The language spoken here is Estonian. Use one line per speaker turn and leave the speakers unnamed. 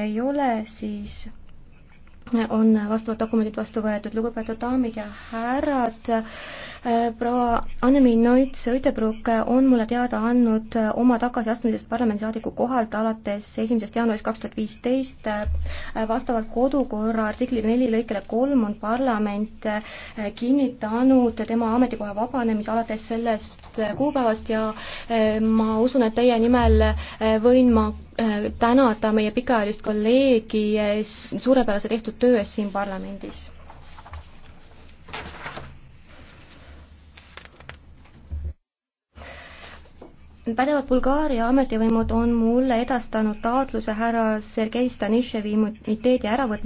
ei ole, siis on vastavad dokumendid vastu võetud. lugupeetud daamid ja härrad, Äh, proua Anne-Mii Noits-Ütebruk on mulle teada andnud äh, oma tagasiastumisest parlamendisaadiku kohalt alates esimesest jaanuarist kaks tuhat viisteist. Äh, vastavalt kodukorra artikli neli lõikele kolm on parlament kinnitanud tema ametikoha vabanemise alates sellest kuupäevast ja ma usun, et teie nimel võin ma tänada meie pikaajalist kolleegi suurepärase tehtud töö eest siin parlamendis pädevad Bulgaaria ametivõimud on mulle edastanud taotluse härra Sergei
Stanishevi immuniteedi äravõtmiseks.